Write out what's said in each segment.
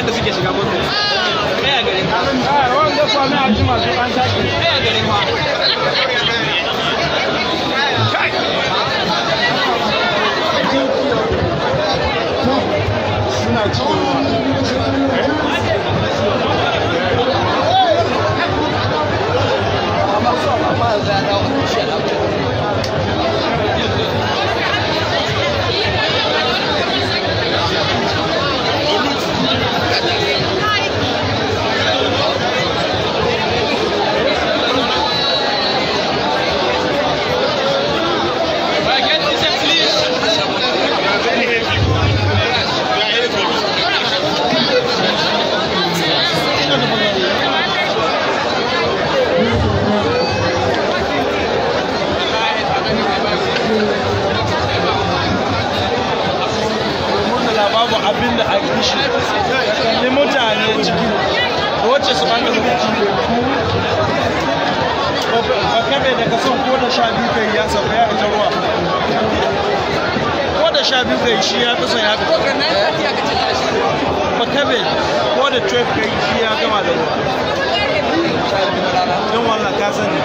yadda suke shiga ɗaya garin ka wanda kwami a jima su an tashi ɗaya garin ma suna cikin da a kishi kalli mutane ciki wacce su baka lokaci ba kabe daga son ko da sha biyu kai ya sauka ya fita ruwa ko da sha biyu kai shi ya kusa ya fita ba kabe ko da 12 kai shi ya gama da ruwa don wannan ka sani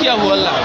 কি হবো আল্লাহ